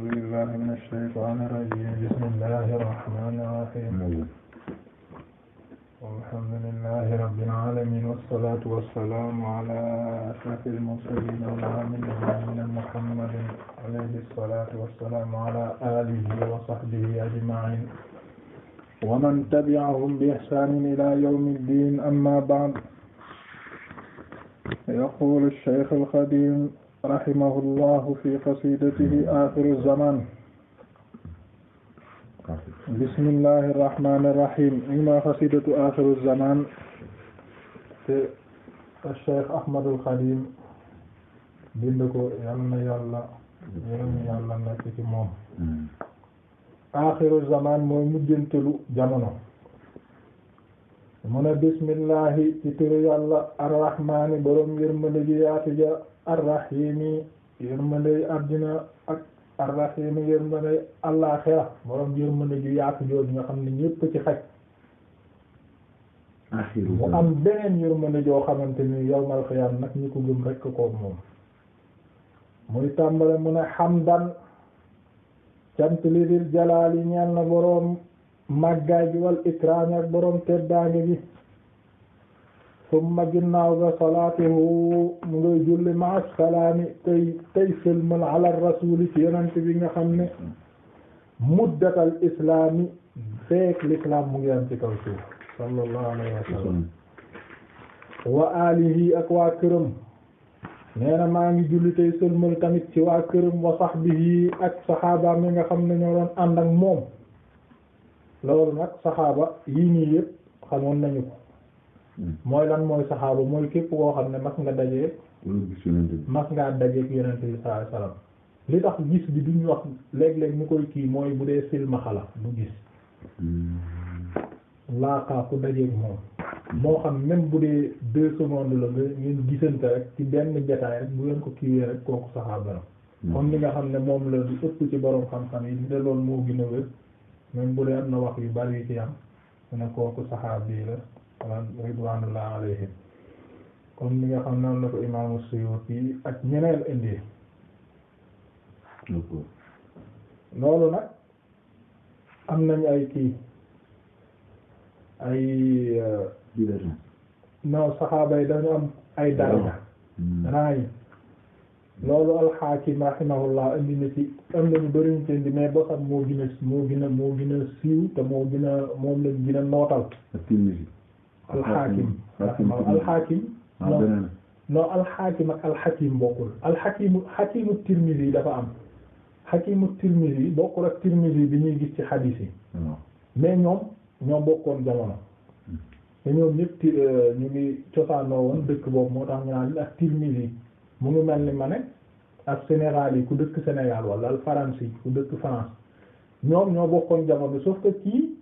أعوذ بالله من الشيطان الرجيم بسم الله الرحمن الرحيم والحمد لله رب العالمين والصلاة والسلام على أشرف المرسلين والعاملين من محمد عليه الصلاة والسلام على آله وصحبه أجمعين ومن تبعهم بإحسان إلى يوم الدين أما بعد يقول الشيخ القديم rahimahullahu fi qasidatihi axiru zaman bismillahi irrahmani irrahim ñu ngi mooy xasidatu axiru zaman te Cheikh Ahmadul Xadim bind ko yal na yàlla yërëm yàlla nekk ci moom hmm. axiru zaman mooy mujjantelu jamono mu ne bismillahi ci turu yàlla arrahmaani borom yërmande ji yaatu ja arrahimi yërmande àddina ak arrahimi yërmande àllaaxira borom yërmande ji yaatu jooju nga xam ne ñépp ci xaj mu am beneen yërmande joo xamante ni yawmal xiyaam nag ñi ko gëm rekk ko moom muy tàmbale mu ne xamdan cant li dil jalaali ñeel na boroom màggaay bi wal ikraam ak borom teddaange gi summa ginnaaw ga salaatuhu mu ngay julli ma salaami tey tey sëlmal ala ci yonent bi nga xam ne muddatal islaami feek l'islam mu ngi am ci kaw sallallahu alayhi wa sallam wa alihi ak waa këram nee na maa ngi julli tey sëlmal tamit ci waa këram wa sahbihi ak saxaabaam yi nga xam ne ñoo doon ànd ak moom loolu nag saxaaba yii nii yëpp xamoon nañu ko hmm. mooy lan mooy saxaaba mooy képp koo xam ne mas nga dajee hmm, mas ngaa dajeek yonent bi sallallahu alayhi wasallam li tax gis bi duñ wax léeg-léeg ñu koy kii mooy bu dee silmaxa la du gis hmm. laakaa ku dajeek moom moo xam même bu dee deux secondes la nga rek ci benn jotaay bu ngeen ko kiiwee rek kooku saxaaba la comme li nga xam ne moom la ëpp ci borom xam-xam yi di de loolu moo gën a même bu dee am na wax yu bari yu ci am dina kooku saxaabi la wala ridwanullah alayhim comme ni nga xam noonu la ko imaamu Suyuti ak ñeneen indi loolu nag am nañ ay kii ay non saxaaba yi dañu am ay daraja rang loolu alxaakim rahimahullah indi na ci am na ñu bari ñu ci indi mais bosam moo gën a moo moo gën a siiw te moo gën a moom lañ gën a nootal. alxaakim alxaakim ah, non non alxaakim ak alxakim bokkul alxakimu xakimu tirmisi dafa am xakimu tirmisi bokkul ak tirmisi bi ñuy gis ci xadiis yi. mais ñoom ñoo bokkoon jamono. Hmm. te ñoom ñëpp euh, ñu ngi cosaanoo woon dëkk boobu moo tax ñu naan ak tirmisi. mu ngi mel ni ma ne ak Sénégal yi ku dëkk Sénégal wala al France yi ku dëkk France ñoom ñoo bokkoon jamono sauf que kii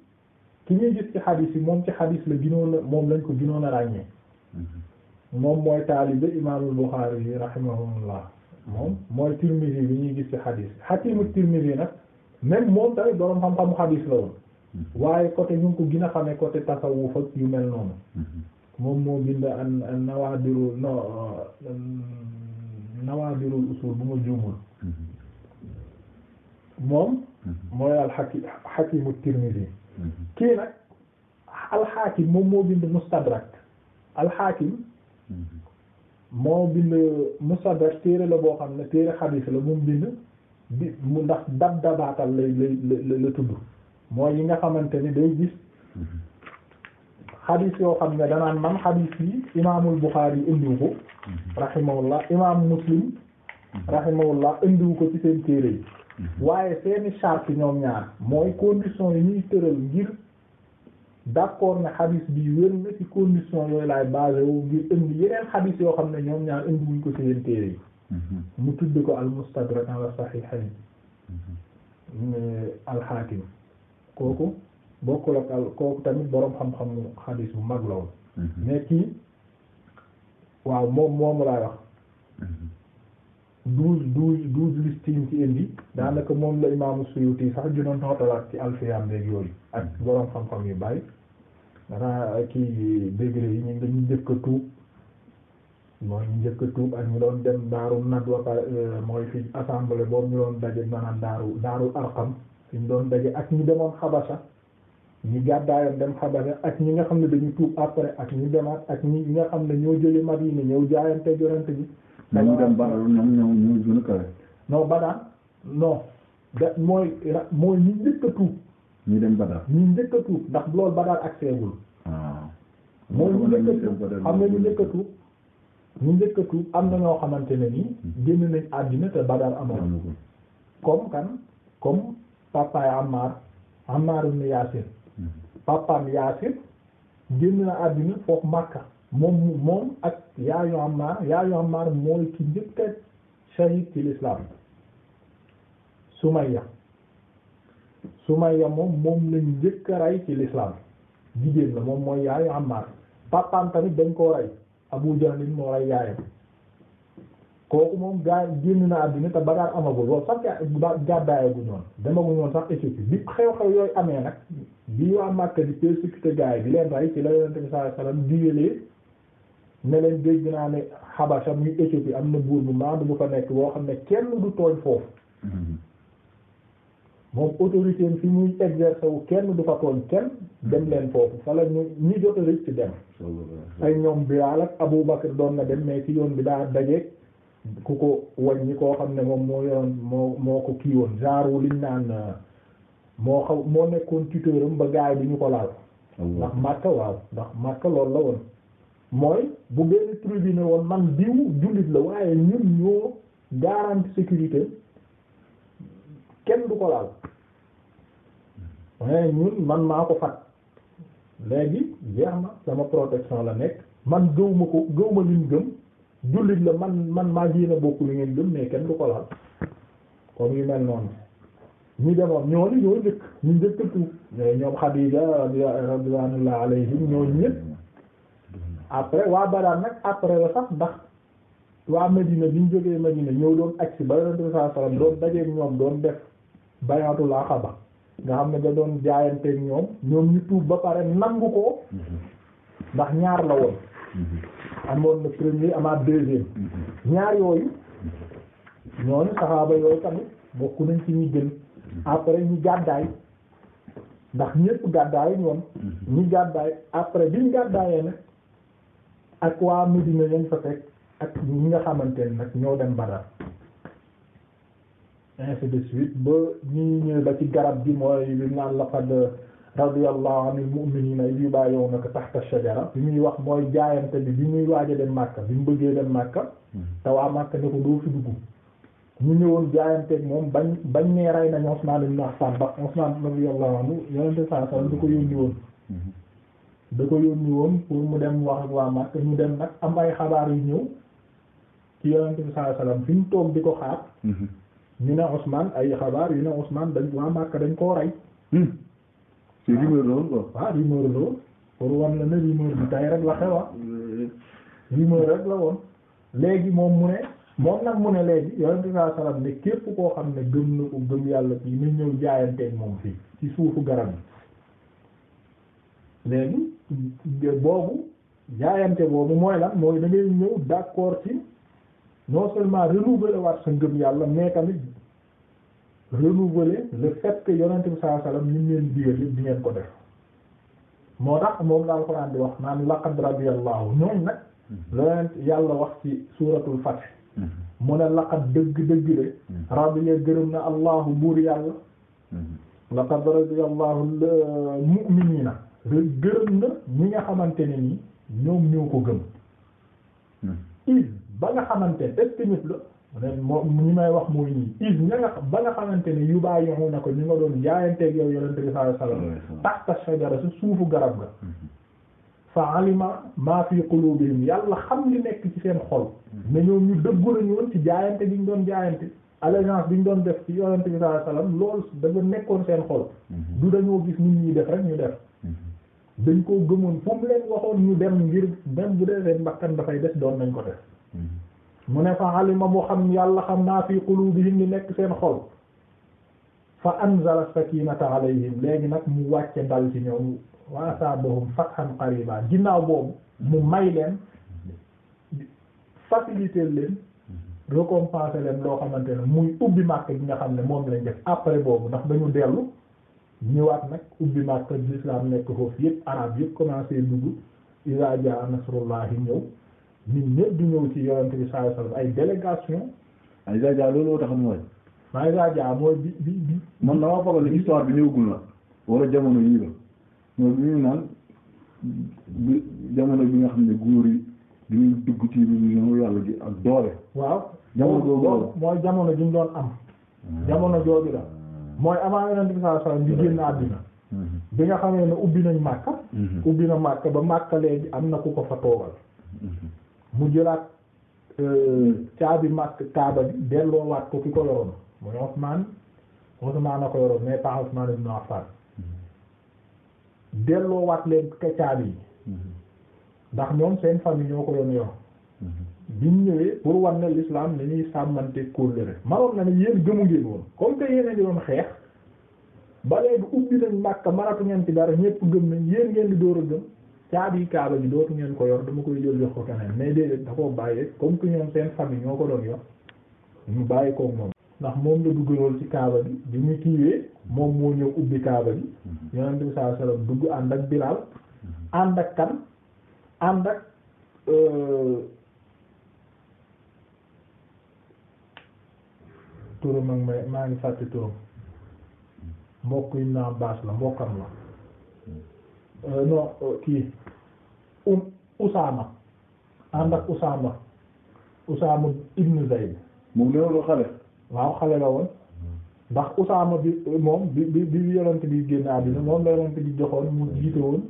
ki ñuy gis ci xadis yi moom ci xadis la ginoon a moom lañ ko ginoon a ràññee mm-hmm. moom mooy taalibe imaamul Buxaari yi rahimahullah moom mooy Tirmidhi bi ñuy gis ci xadis xatimu Tirmidhi nag même moom tamit boroom xam-xamu xadis la woon mm-hmm. waaye côté ñu ngi ko gën a xamee côté tasawuf yu mel noonu mm-hmm. moom moo bind an an nawadiru nawaazilul usul bu ma juumul mm-hmm. moom mm-hmm. mooy alxakim xakimu tirmidi mm-hmm. kii nag alxakim moom moo bind mustadrak alxakim moo bind mustadrak téere la boo xam ne téere xadiis la mu bind bi mu ndax dab dabaatal lay lay la tudd mooy yi nga xamante ni day gis xadis yoo xam ne danaan man xadis yi imaamul Buxaari indiwu ko mhm. rahimahullah imaam Muslim mhm. rahimahullah indiwu ko ci seen téere yi mhm. waaye seeni charte ñoom ñaar mooy condition yi ñuy tëral ngir d'accord ne xadis bi wér na ci condition yooyu laay basé ngir indi yeneen xadis yoo xam ne ñoom ñaar indiwuñ ko ci seen téere yi mu tudd ko al Mustadrak ala Sahihayn alxaakim kooku bokkul ak al kooku tamit boroom xam-xam xadis bu mag la woon mm-hmm. mais kii waaw moom moomu laay wax mm-hmm. douze douze douze liste yi ci indi daanaka moom la imaamu Suyuti sax junoon nootalaat ci alfiyaam léegi yooyu ak mm-hmm. boroom xam-xam yu bàyyi danaa euh, kii degré yi ñu dañu njëkk a tuub mooy ñu njëkk a tuub ak ñu doon dem daaru nadwa euh, mooy fi assemblée boobu ñu doon daje maanaam daaru daaru arqam fi ñu doon daje ak ñu demoon xabasa ñi gàddaayoon dem xabare ak ñi nga xam ne dañu tuub après ak ñi demaat ak ñi nga xam ne ñoo jële Madina ñëw jaayante jorante bi dañu dem Badar ñoom ñoo ñoo gën a kawe non Badar non da mooy mooy ñi njëkk tuub dem Badar ñi njëkk ndax loolu Badar ak seegul ah. mooy ñu njëkk a tuub am na ñu njëkk tuub ñu njëkk tuub am na ñoo xamante ne nii hmm. génn nañ àddina te Badar amoon comme kan comme papa Ammar Ammar ibn Yasir papaam Yaasir génn na àddina foofu Makka moom moom ak yaayu Ammaar yaayu Ammaar mooy ki njëkk a shahid ci l'islam Sumayya Sumayya moom moom lañ njëkk a rey ci l'islam jigéen la moom mooy yaayu Ammaar papaam tamit dañ koo rey Abu Jahl moo rey yaayam kooku moom gaa génn na àddina te bagaar amagul loolu sax ga gàddaayagu ñoon demagu ñoon sax Éthiopie bi xew-xew yooyu amee nag bi waa Makka di persécuté gaa yi bi leen rey ci la Yonent bi sallallahu alayhi wasallam digalee ne leen dégg naa ne Habasha muy Éthiopie am na buur bu maandu bu fa nekk boo xam ne kenn du tooñ foofu moom autorité am fi muy exercer kenn du fa tooñ kenn dem leen foofu fa la ñu ñi jot ci dem ay ñoom Bilaal ak Abu Bakr doon na dem mais ci yoon bi daa dajeek ku ko wàññi koo xam ne moom moo yoroon moo moo ko kii woon genre liñ naan euh, moo xaw moo nekkoon tuteuram ba gaay bi ñu ko laal ndax Makka waaw ndax Makka loolu la woon mooy bu benn tribune woon man diw jullit la waaye ñun ñoo garanti sécurité kenn du ko laal waaye ñun man maa ko fat léegi jeex sama protection la nekk man gëw ko gëw ma gëm jullit la man man maa ngi a bokk li ngeen gëm mais kenn du ko laal comme yu mel noonu ñu demoon ñooñu ñoo njëkk ñu njëkk tuub ñoom Xadiija radiyallahu alayhim ñooñu ñëpp après waa Badar nag après la sax ndax waa Medina bi ñu jógee Medina ñëw doon agsi ba Yonent bi sallallahu alayhi wasallam doon dajeeg ñoom doon def bayaatul aqaba nga xam ne da doon jaayanteeg ñoom ñoom ñu tuub ba pare nangu ko mm-hmm. ndax ñaar la woon. Mm-hmm. amoon na premier amaat deuxième mm-hmm. ñaar yooyu ñooñu saxaaba yooyu tamit bokk nañ ci ñi gën mm-hmm. après ñu gàddaay ndax ñëpp gàddaay ñoom ñu gàddaay après biñ gàddaayee nag ak waa Medina ñoom fa fekk ak ñi nga xamante ne nag ñoo dem Badar ainsi de suite ba ñi ñëw ba ci garab gi mooy li naan la fa de radiyallahu anil mu'minina idh yubayi'unaka tahta ash-shajara bi muy wax mooy jaayante bi bi muy waaj a dem Makka bi mu bëggee dem Makka hmm. te waa Makka ne ko doo fi dugg ñu ñëwoon jaayanteeg moom bañ bañ nee rey nañ Usman ibn ba Usman radiyallahu anhu yonente saa sallam da ko yónni woon hmm. da ko yónni woon pour mu dem wax ak waa Makka ñu dem nag am ay xabaar yu ñëw ci saa bi saa sallam fi ñu toog di ko xaar hmm. ñu ne Usman ay xabaar yu ne Usman dañ waa Makka ci rumeur loolu quoi. ah rumeur loolu pour wan la ne rumeur la xewa ah. rumeur rek la woon léegi moom mu ne moom nag mu ne léegi yonent bi sallallahu alayhi wasallam ne képp koo xam ne gëm na ko gëm yàlla fii ni ñëw jaayanteeg moom fii ci suufu garab yi léegi boobu jaayante boobu mooy lan mooy da ngay ñëw d'accord ci non seulement renouveler waat sa ngëm yàlla mais tamit renouveler le fait que yonent bi sallallahu alayhi wasallam ñu leen digal yëpp di ngeen ko def moo tax moom la alxuraan di wax naan laqad radiyallahu ñooñ nag yonent yàlla wax ci suuratul Fath mu ne laqad dëgg dëgg de radiya gërëm na allahu buur yàlla laqad radiyallahu mu'minina gërëm na ñi nga xamante ne ni ñoom ñoo ko gëm hmm. is ba nga xamante ne la mu ñi may wax mooy nii is ña nga ba nga xamante ne yu bàyyi yoxu na ko ñu nga doon jaayanteeg yow yonente bi sallallahu alayhi wasallam taxta shajara sa suufu garab ga fa alima ma fi qulubihim yàlla xam li nekk ci seen xol mais ñoom ñu dëggu nañu woon ci ñu doon jaayante allégeance bi ñu doon def ci yonente bi sallallahu alayhi wasallam loolu dafa nekkoon seen xol mhm. du dañoo gis nit ñi def rek ñu def mhm. dañ koo gëmoon fu leen waxoon ñu dem ngir même bu dee seen bakkan dafay des doon nañ ko def mu ne fa alima mu xam yàlla xam naa fi qulubihim li nekk seen xol fa anzala sakinata alayhim léegi nag mu wàcce dal ci ñoom wa asaabahum fathan qariba ginnaaw boobu mu may leen faciliter leen récompenser leen loo xamante ne muy ubbi màkk gi nga xam ne moom lañ def après boobu ndax dañu dellu ñëwaat nag ubbi màkk l'islam nekk foofu yëpp arab yëpp commencé dugg iza jaa nasrullahi ñëw nit ñëpp di ñëw ci yonent bi sallallahu alayhi wasallam ay délégation ay jaja looloo tax mooy ay jaja mooy bi bi bi man dama foog ne histoire bi ñëwagul la wala jamono yii la bi nga xam ne góor yi dañuy dugg ci religion yàlla ji ak jamono boobu mooy doon am ah. jamono jooju mooy avant yonent bi sallallahu mm-hmm. nga xamee ne ubbi nañ Makka mm-hmm. ubbi na Makka ba Makka léegi am na ku ko fa toogal mm-hmm. mu jëlaat euh, caabi màkk kaaba bi delloowaat ko ki ko yoroon mooy Ousmane Ousmane a ko yoroon mais pas Ousmane ibn Affan delloowaat leen ko caabi yi ndax ñoom seen famille ñoo ko doon yor bi ñu ñëwee pour wan ne l'islam ni ñuy sàmmante kóllëre maroon na ne yéen gëmu ngeen woon comme que yéen doon xeex ba léegi ubbi nañ Makka maratu ngeen ci dara ñépp gëm nañ yéen ngeen di door a gëm caabi kaaba bi dootu ngeen ko yor dama koy jël jox ko keneen mais déedéet da koo comme que ñoom seen famille ñoo ko doon yor ñu bàyyi koog moom ndax moom la duggalool ci kaaba bi bi mu kiiwee moom moo ñëw ubbi kaaba bi mm-hmm. yonent bi dugg ànd ak Bilaal mm-hmm. ànd ak kan ànd ak euh, turam ak may maa ngi fàtte turam mbokk yi naa baas la mbokkam la non kii um Usaama ànd ak Usaama Usaama ibn mu moom léewoon xale waaw xale la woon ndax Usaama bi moom bi bi bi yonent bi génn àddina moom la yonent bi joxoon mu jiite woon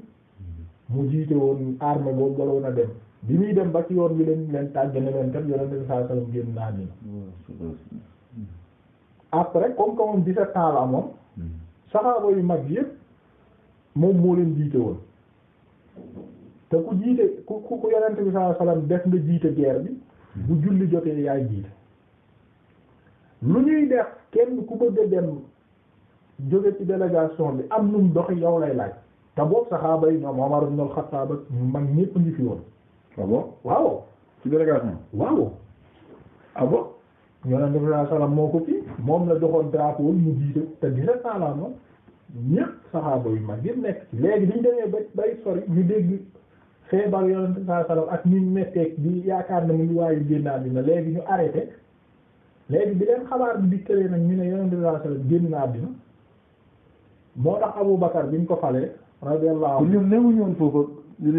mu jiite woon armée boobu waroon a dem bi muy dem ba ci yoon bi leen leen tàgge ne leen kat yonent bi sallallahu alayhi wasallam génn na après comme que moom 17 ans moom hmm. saxaaba yu mag yépp moom moo leen jiite woon te ku jiite ku ku yonent bi sallallahu alayhi wasallam def nga jiite guerre bi bu julli jotee yaay jiite lu ñuy def kenn ku bëgg a dem jóge ci délégation bi am num doxi yow lay laaj te boobu saxaaba yi ñoom Umar ibn fi woon abo ah waaw ci délégation waaw abo ah yonent bi sallallahu moo ko fi moom la doxoon drapeau mu jiite te gisa saala moom ñëpp saxaaba yu mag yëpp nekk ci léegi bi ñu demee ba bay sori ñu dégg feebar yonent saa salaam ak ñu metteeg bi yaakaar na mu ngi waayu génn àddina léegi ñu arrêté léegi bi leen xabaar bi dikkalee nag ñu ne yonent saa salaam génn àddina moo tax Abu Bakar bi ñu ko falee radiyallahu anhu ñoom newuñu woon foofu ñu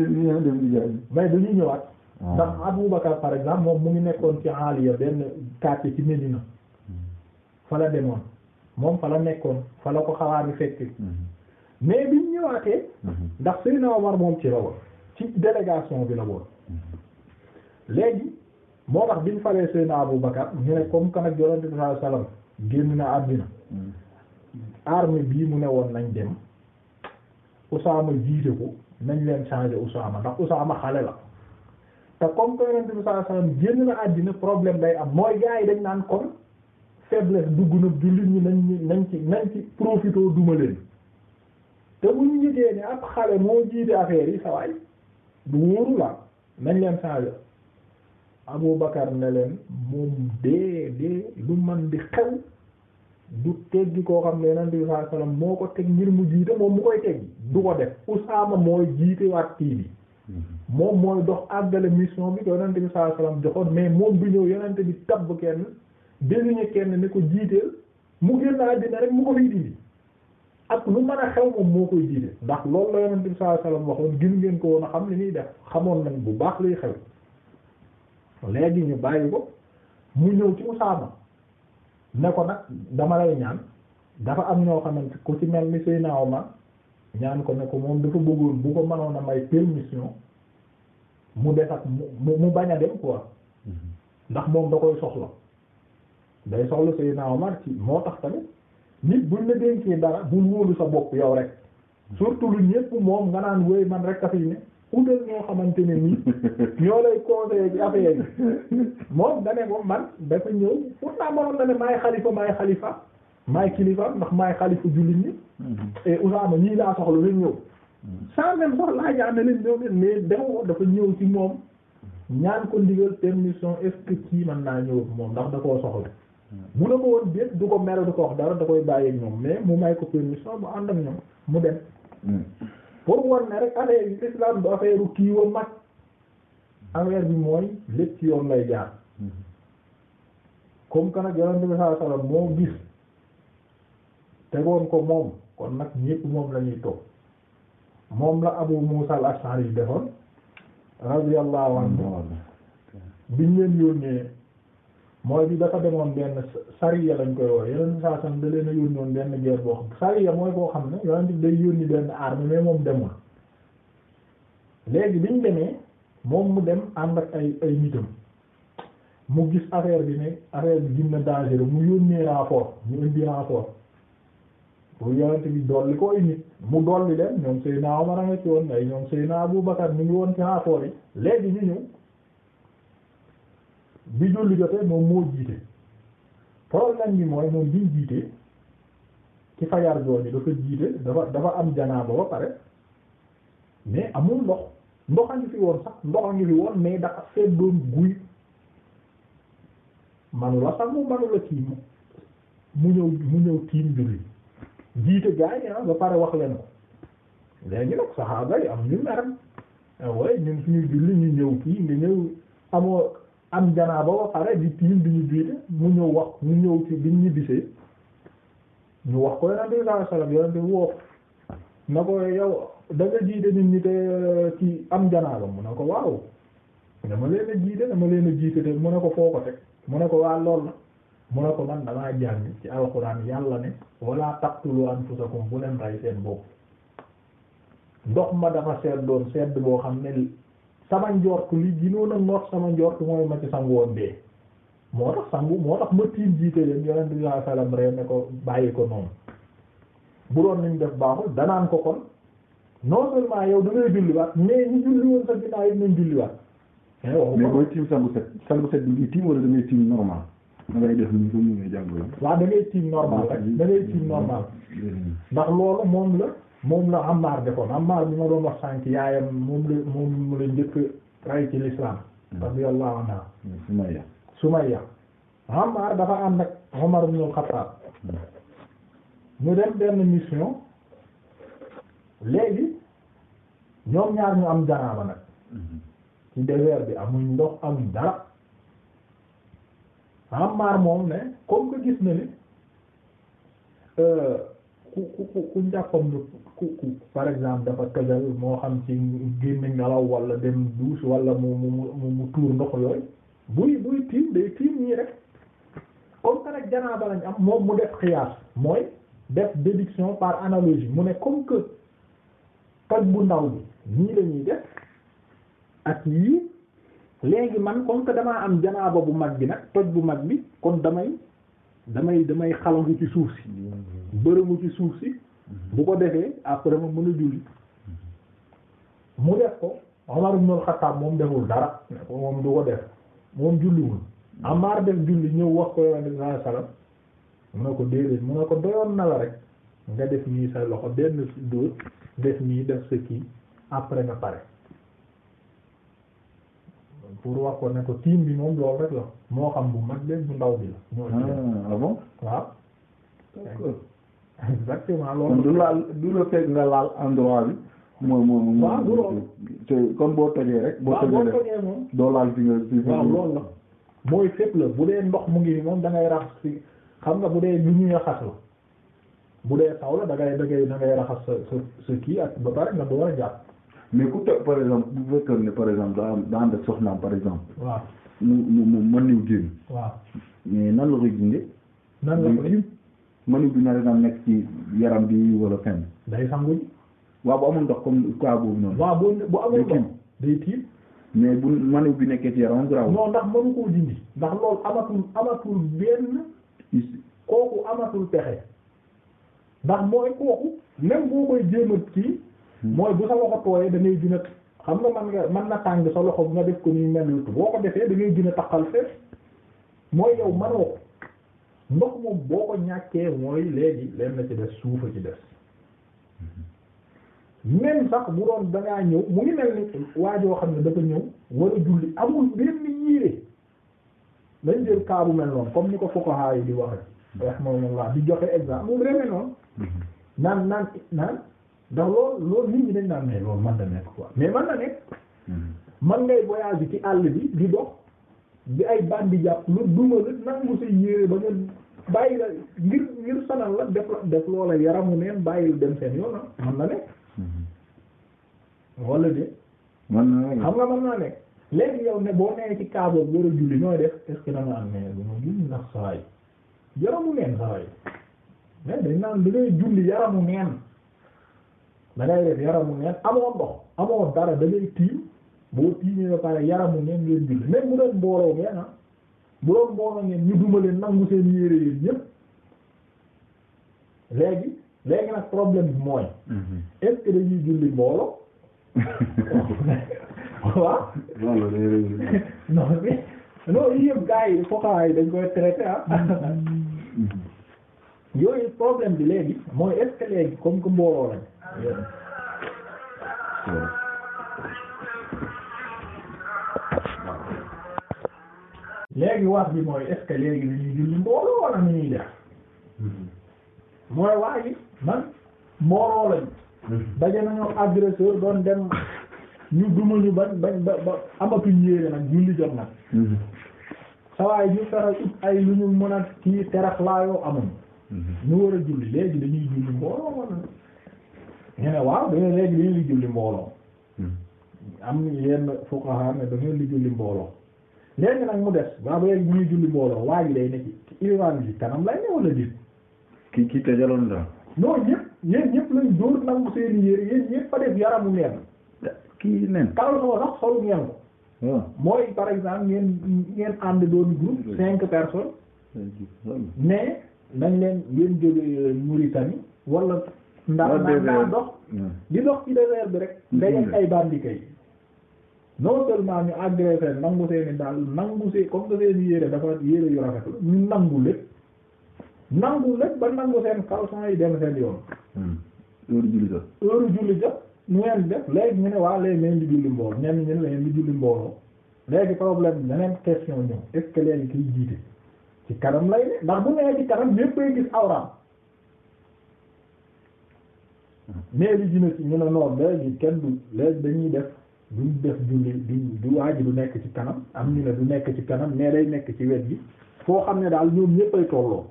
dem di jaay mais dañuy ñëwaat ah. ndax Abu Bakar par exemple moom mu ngi nekkoon ci Aliya benn quartier ci Médina hmm. fa la demoon moom fa la nekkoon fa la ko xawaar bi fekk mm-hmm. mais bi ñu ñëwaatee mm-hmm. ndax Seydina Omar moom ci la woon ci délégation bi la woon mm-hmm. léegi moo tax biñ falee Seydina Abu Bakar ñu ne comme que nag yonente bi sallallahu génn na àddina armée bii mu ne woon nañ dem Usaama jiite ko nañ leen changer Usaama ndax Usaama xale la te comme que yonente bi sallallahu alayhi wasallam génn na àddina problème day am mooy gars yi dañ naan kon faiblesse dugg na jullit ñi nañ ñi nañ ci nañ ci profité duma leen te bu ñu njëgee ne ab xale moo jiite affaire yi sawaay du wóoru la nañ leen changer Abu Bakar ne leen moom dee dee lu man di xew du teggi koo xam ne yonent bi sallallahu alayhi moo ko teg ngir mu jiite moom mu koy teggi du ko def Usaama mooy jiite waat kii bi mm-hmm. moom mooy dox àggale mission bi ko yonent bi sallallahu alayhi wasallam joxoon mais moom du ñëw yonent bi tabb kenn benn ñu kenn ni ko jiiteel mu génn àddina rek mu ko fiy diidi ak lu mën a xew moom moo koy jiite ndax loolu la yonent bi sallallahu alayhi wasallam waxoon gis ngeen ko woon a xam li ñuy def xamoon nañ bu baax luy xew léegi ñu bàyyi ko mu ñëw ci Usaama ne ko nag dama lay ñaan dafa am ñoo xamante ko ci mel ni suy naaw ma ñaan ko ne ko moom dafa bëggoon bu ko mënoon a may permission mu des mu mu bañ a dem quoi mm-hmm. ndax moom da koy soxla day soxla Seydina Omar ci moo tax tamit nit buñ la dénkee dara bul wóolu sa bopp yow rek surtout lu ñépp moom nga naan wéy man rek a fi ne utal ñoo xamante ne nii ñoo lay conseillé ci affaire yi moom da ne ko man dafa ñëw pourtant mënoon na ne maay xalifa maay xalifa maay kilifa ndax maay xalifa jullit ñi mm-hmm. et Usaama ñii laa soxla lañ ñëw mm-hmm. sans même soxlaa ñaan ne leen ñëw leen dafa ñëw ci moom ñaan ko ndigal permission est-ce que kii mën naa ñëw moom ndax da koo soxla bu la ko woon déet du ko mere du ko wax dara da koy bàyyi ak ñoom mais mu may ko permission bu ànd ak ñoom mu dem. Hmm. pour war ne rek affaire yi islam du affaire kii wa mag affaire bi mooy lépp ci yoon lay jaar. Hmm. comme que nag yonent bi sallallahu alayhi moo gis tegoon ko moom kon nag ñépp moom la ñuy toog moom la Abu Musa al-Ash'ari defoon radiyallahu anhu hmm. biñ leen yónnee. mooy bi dafa demoon benn sariya lañ koy wax yeneen saa sax da leen a yónnoon benn guerre boo xam sariya mooy boo xam ne yonent bi day yónni benn armée mais moom demul léegi bi ñu demee moom mu dem ànd ay ay nitam mu gis affaire bi ne affaire bi gën na dangereux mu yónnee rapport ñu indi rapport pour yonent dolli ko ay nit mu dolli leen ñoom Seydina Omar a nga ci woon ay ñoom Seydina Abou Bakar ñu ngi woon ci rapport yi léegi ñu ñëw. bi julli jotee moom moo jiite problème bi mooy moom bi jiite ci fajar jooju jiite dafa dafa am janaaba ba pare mais amul ndox ndox a ngi fi woon sax ndox a ngi fi woon mais dafa guy manula sax mu manula kii mu ñëw mu ñëw tiim julli jiite gaay yi ah ba pare wax leen ko léegi nag saxaaba yi am ñu mer waaye ñun suñu julli ñu ñëw kii nga ñëw amoo am janaaba ba pare di tiim di ñu jiite mu ñëw wax mu ñëw ci biñ ñu bisee ñu wax ko yonent bi sallallahu alayhi wasallam yonent bi woo na ko yow da jiite nit ñi te ci am janaaba mu ne ko waaw dama leen a jiite dama leen a jiite te mu ne ko foo ko teg mu ne ko waa lool la mu ne ko man damaa jàng ci alxuraan yàlla ne wala taqtulu anfusakum bu leen rey seen bopp ndox ma dafa sedd doon sedd boo xam ne sama njort li ginoon a noot sama njort mooy ma ci sangoon dee moo tax sangu moo tax ma tiim jiite leen yonent bi sallallahu alayhi wasallam ree ne ko bàyyi ko noonu bu doon nañ def baaxul danaan ko kon non seulement yow da ngay julliwaat mais ñu julli woon sa ginnaaw yi nañ julliwaat. Eh, mais booy tiim sangu set sangu set bi ngay tiim wala da ngay tiim normal. da ngay def ni ko mu ngi jàng waaw da ngay tiim normal rek ah, da normal ndax loolu moom la. moom la Ammar defoon Ammar bi ma doon wax sànk yaayam moom la moom la njëkk ray ci l'islam hmm. radiyallahu anha hmm, Sumayya Sumayya Ammar dafa ànd ak Umar ibn al-Khattab ñu hmm. dem benn mission léegi ñoom ñaar ñu am janaaba nag ci désert bi amuñ ndox amuñ dara Ammar moom ne comme que gis na ni euh, ku ku ku njàppam lu ku ku par exemple dafa tojal moo xam ci génn ngelaw wala dem douche wala mu mu mu tuur ndox yooyu buy buy tiim day tiim ñii rek comme que nag janaaba lañ am moom mu def xiyaas mooy def déduction par analogie mu ne comme que toj bu ndaw bi nii la def ak yii léegi man comme que damaa am janaaba bu mag bi nag toj bu mag bi kon damay damay damay xalangu ci suuf si bërëmu ci suuf si bu ko defee après moom mën a julli mu def ko Omar ibn al-Khattab moom deful dara moom du ko def moom julliwul Amar def julli ñëw wax ko Yonent bi sallallahu alayhi wasallam mu ne ko déedéet mu ne ko doyoon na rek nga def nii sa loxo benn dóor def nii def sa kii après nga pare pour wax ko ne ko tiim bi moom loolu rek la moo xam bu mag beeg bu ndaw bi la. ñoo ci ah, ah bon waaw. exactement loolu. du laal du la fekk nga laal endroit bi. moom moom waaw du loolu. te kon boo tojee rek. boo tojee rek moom. doo laal fi nga fi waaw loolu la. mooy fépp la bu dee ndox mu ngi moom da ngay raxas si xam nga bu dee lu ñuy raxas la bu dee taw la da ngay da ngay da ngay raxas sa sa sa kii ak ba pare nga door a jàpp. mais ku toog par exemple bu fekkoon ne par exemple daa am daa ànd ak soxnaam par exemple. waaw mu mu mu mën nañu génn. waaw mais nan la koy gunge. nan la koy mënu bi nar a nekk ci yaram bi wala fenn. day sangu ji. waaw bu amul ndox comme cas boobu noonu. waaw boo bu amul ndox day tiim. mais bu mënu bi nekkee ci yaram garaaw. non ndax mënu koo dindi. ndax loolu amatul amatul benn. kooku amatul pexe. ndax mooy kooku. même boo koy jéem a kii. mooy bu sa loxo tooyee da ngay gën a xam nga man nga mën na tàng sa loxo nga def ko ni mel ni boo ko defee da ngay gën a taxal fees mooy yow manoo ndox moom boo ko ñàkkee mooy léegi leen na ci des suufa ci des même sax bu doon da ñëw mu ngi mel ni waajoo xam ne dafa ñëw war a julli amul benn yiire dañ jël cas bu mel noonu comme ni ko fuqaha di waxe rahmanallah di joxe exemple noonu mm-hmm. naan naan naan ndax loolu loolu nit ñi dañ naan mais loolu man da nekk quoi mais man na nekk man ngay voyage ci àll bi di dox di ay bandi jàpp lu duma la nangu sa yére ba nga la ngir ngir sanal la def la def loola yaramu neen bàyyi dem seen yoon ah man na nekk wala de man na nekk xam nga man naa nekk léegi yow ne boo nee ci def est-ce que da nga am ne duma julli ndax sawaay yaramu neen sawaay mais dañ naan da ngay julli yaramu neen dangay def yaramu neen amoo ndox amoo dara da ngay tiim boo tiimee ba pare yaramu neen ngeen julli même bu doon mbooloo ngeen ah bu doon mbooloo ngeen ñu dumale nangu seen yére yéen ñépp léegi léegi nag problème bi mooy mhm. est-ce que dañuy julli mbooloo waaw non non yëpp gars yi fokkaay dañ koy traité ah mhm. yooyu problème bi léegi mooy est-ce que léegi comme que mbooloo lañ léegi wax bi mooy est-ce que léegi mbooloo wala ni ñuy mooy wax man mbooloo lañ daje nañoo agresseur doon dem ñu duma ñu bañ bañ ba ba amatuñ yéene nag julli jot nag mm-hmm. sawaay ñu fexe ut ay lu ñu mën a kii terax laayoo amuñ Mhm. ñu war a julli léegi dañuy julli mbooloo wala ñu ne waaw dañuy léegi dañuy julli mbooloo mhm. am yenn fuqaha ne dañuy li julli mbooloo léegi nag mu des waaw léegi bu ñuy julli mbooloo waa ji day nekk ci imaam bi kanam lay ne wala déet. ki ki te jaloon daal. non ñëpp yéen ñëpp lañ dóor nangu seen yére yéen ñëpp a def yaramu kii nen. kaw soo sax xolu ngeen ko. Oh. mooy par exemple ngeen ngeen ànd doon groupe cinq personnes. mais. nañ leen ngeen jóge Mauritanie wala ndax naa dox hmm. di dox ci désert bi rek hmm. ay bandika yi non seulement ñu agressé nangu seeni daal nangu see comme que seeni yére dafa yu ñu nangu lépp nangu ba nangu seen caleçon yi dem seen yoon hmm. heure julli jot heure julli jot ñu leen def léegi ñu ne waa léegi leen di julli mbooloo ñenn ñu ne leen di julli mbooloo léegi problème beneen question ñëw est kiy jiite ci kanam lay ne ndax bu nee ci kanam ñéppay gis awraam mais li ci ñu ne noon léegi kenn du léegi dañuy def duñ def julli du du waa du nekk ci kanam am ñu ne du nekk ci kanam mais day nekk ci wet gi foo xam ne daal ñoom ñéppay tolloo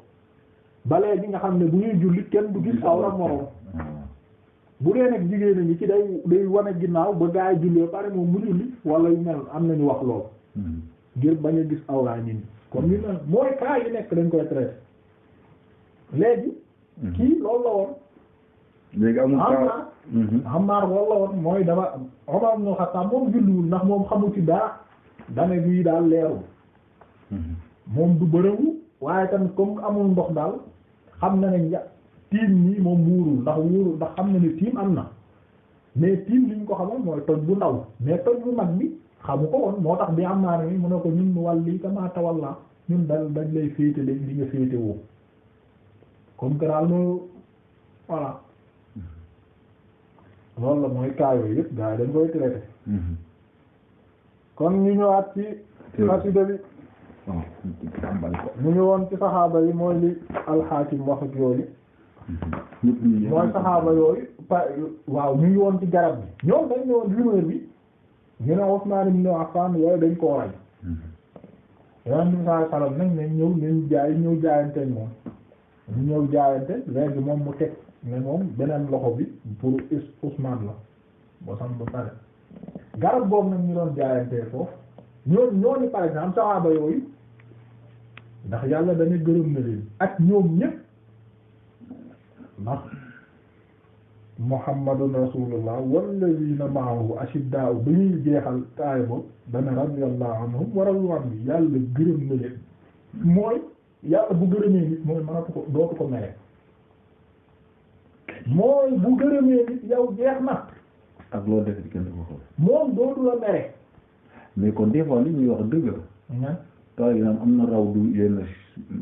ba léegi nga xam ne bu ñuy julli kenn du gis awra moroom bu dee nag jigéen ñi ci day day wane ginnaaw ba gaa yi julli moom mu julli wala yu mel am nañu wax lool hmm. ngir bañ a gis awra ñi comme ñu naan mooy cas yi nekk dañ koy traité léegi. Mhm. kii loolu la woon. léegi am cas Ammaar mhm. loolu la woon mooy dama Omar ibn Khattab moom julliwul ndax moom xamu ci daa dana bii daal leerul. Mhm. moom du bërëbu waaye tamit comme amul ndox daal xam na ne nja tiim nii moom wuurul ndax wuurul ndax xam na ne tiim am na mais tiim li ñu ko xamal mooy toj bu ndaw mais toj bu mag mi xam ko woon moo tax bi amaana mi mu ne ko ñun wàlli kama tawalla ñun dal dañ lay féete léegi li nga féete woo comme que daal no voilà loolu la mooy cas yooyu yëpp gars yi dañ mhm. kon ñu ñëwaat ci xasida bi ñu ngi woon ci saxaaba yi mooy li alxaakim wax ak yooyu mhm. mooy saxaaba yooyu waaw ñu ngi woon ci garab bi ñoom dañ ñëwoon rumeur bi ñu ne Usmaan ibn Affaan yooyu dañ koo rey yonent bi sallallahu alayhi wasallam nag nañ ñëw nañ jaay ñëw jaayante moom ñu ñëw jaayante léegi moom mu teg ne moom beneen loxo bi pour Usmaan la boo sam ba pare garab boobu nag ñu doon jaayantee foofu ñoo ñooñu par exemple saxaaba yooyu ndax yàlla dañu gërëm na leen ak ñoom ñëpp ndax muhammadun rasulullah wallazina maahu ashiddaa'u bi ñuy jeexal taay boobu dana radiyallahu anhum wa radu anhu yàlla gërëm na leen mooy yàlla bu gërëmee nit mooy mënatu ko dootu ko mere ak loo def di kenn du ko moom dootu la mere. mais kon des fois li ñuy wax dëgg la. par exemple am na raw du yenn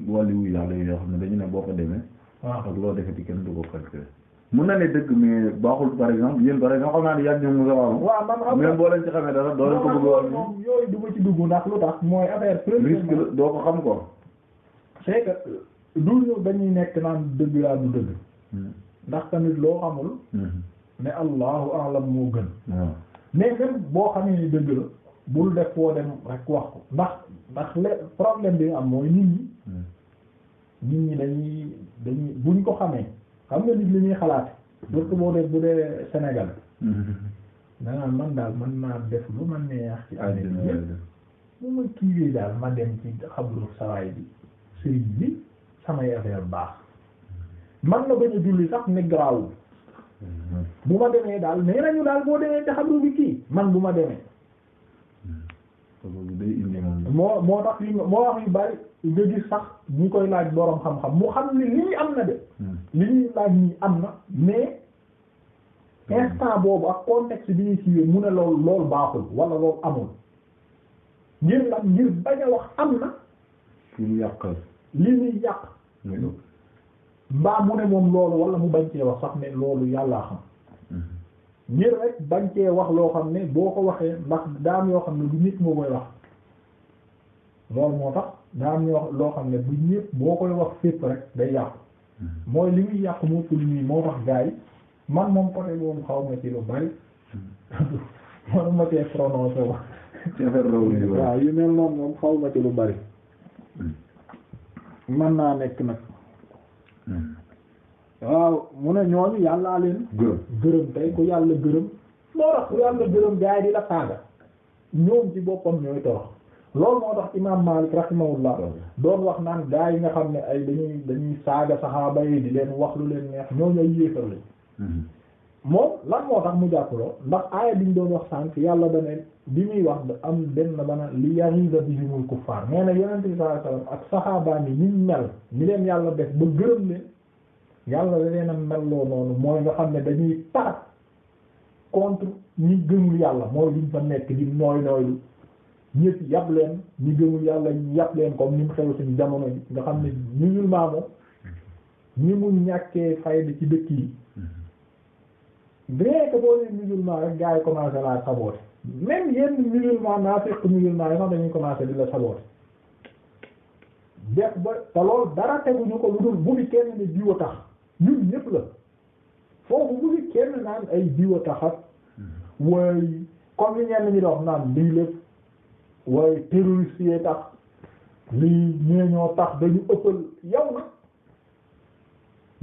wàllu yàlla yoo xam ne dañu ne boo ko demee. waaw ak loo def di kenn du ko calculer. mun na ne dëgg mais baaxul par exemple yéen par exemple xam naa ne yàgg ñoom Moussa Wama. waaw man xam même boo leen ci xamee dara doo a. du ma ci dugg tax mooy affaire. risque la doo ko xam ko. c'est que euh, du ñu dañuy nekk naan dëgg laa du dëgg. Hmm. ndax tamit loo xamul. Hmm. ne allahu alam moo gën. Hmm. mais boo xamee ni dëgg bul def foo dem rek wax ko ndax ndax le problème bi am mooy nit ñi. nit ni dañuy dañuy buñ ko xamee. xam nga nit li xalaat surtout boo def bu dee Sénégal danaa mm-hmm. man daal man naa def lu man neex ci àddina bu ma kiiwee daal ma dem ci xabru sawaay bi sëriñ bi samay affaire baax man na a julli sax ne garaawul mm-hmm. bu ma demee daal nee nañu daal boo demee te man bu ma demee mm-hmm. moo moo tax moo nga gis sax ñu koy laaj borom xam-xam mu xam ni lii am na de hmm. li ñuy laaj nii am na mais instant boobu ak contexte bi ñu siiwee mu ne lool lool baaxul wala lool amul ngir lan ngir bañ a wax am na li ñuy yàq mbaa mu ne moom loolu wala mu bañ cee wax sax ne loolu yàlla xam hmm. ngir rek bañ cee wax loo xam ne boo ko waxee ndax daam yoo xam ne du nit moo koy wax loolu moo tax daa am ñoo loo xam ne bu ñëpp boo koy wax fépp rek day yàqu mm-hmm. mooy li muy yàqu moo pour ñuy moo tax gars man moom ko boobu xaw ma ci lu bari mm-hmm. man ma moom xaw ma ci lu bari mm-hmm. mën naa nekk nag waaw mu ne ñooñu yàllaa leen gërëm gërëm tey ku yàlla gërëm moo tax ku yàlla gërëm gars la taaga ñoom ci boppam ñooy torox loolu moo tax imaam Maalik rahimahullah doon wax naan gaa yi nga xam ne ay dañuy dañuy saaga saxaaba yi di leen wax lu leen neex ñooñu ay yéefar lañ mhm. moom lan moo tax mu jàppaloo ndax aaya bi ñu doon wax sànk yàlla dane bi muy wax am benn bana li yaxiisa bihimul kuffaar nee na yonent bi sallallahu ak saxaabaa ni ñu mel ñi leen yàlla def ba gërëm leen yàlla da leen a melloo mooy nga xam ne dañuy tar contre ñi gëmul yàlla mooy liñ fa nekk di nooy ñépp yab leen ñu gëmul yàlla yab leen comme ni mu xew suñu jamono ji nga xam ne musulman moom ñi mu ñàkkee fayda ci dëkk yi bien que boo leen musulman rek gars yi commencé laa saboter même yenn musulman naa fekk musulman yi sax dañuy commencé di la saboter def ba te loolu dara teguñu ko lu dul bu fi kenn ne diwa tax ñun ñépp la foofu bu fi kenn naan ay diwa tax ak hmm. waaye comme ni ñenn ñi dox naan lii lépp waaye terroriste yee tax li ñee ñoo tax dañu ëppal yow nag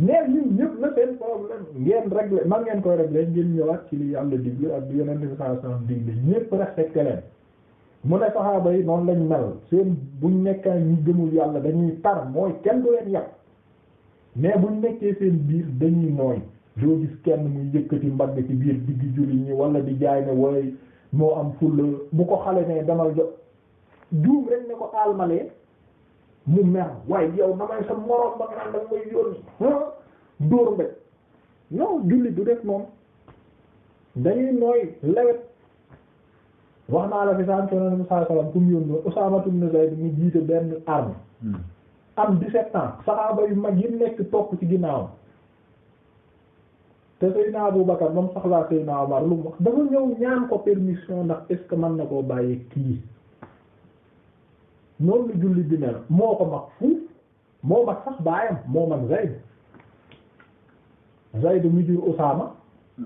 neen ñun ñëpp na seen problème ngeen régler man ngeen koy régler ngeen ñëwaat ci li yàlla digle ak yeneen bi sallallahu alayhi wasallam digle ñëpp respecté leen mu ne saxaaba yi noonu lañ mel seen buñ nekkee ñu gëmul yàlla dañuy tar mooy kenn du leen yàq mais buñ nekkee seen biir dañuy nooy doo gis kenn muy yëkkati mbagg ci biir digg julli ñi wala di jaay ne wooy moo am fulla bu ko xale ne demal jot juum rek ne ko almalee mu mer waaye yow damay sa moroom ba nga naan danga may yónni dóor mbéj jullit du def moom dañuy nooy lewet wax naa la fi saan soonal mu saa salaam ku mu yónni Usaama ibn Zayd mu jiite benn arme hmm. am 17 ans saxaaba yu mag yi nekk topp ci ginnaawam te Seydina Abu Bakar ba mu soxlaa Seydina Omar lu mu wax dafa ñëw ñaan ko permission ndax est-ce que mën na koo bàyyi kii noonu lu jullit bi mel moo ko mag fuuf moo mag sax baayam moo mag Zayd Zayd mi jur Usaama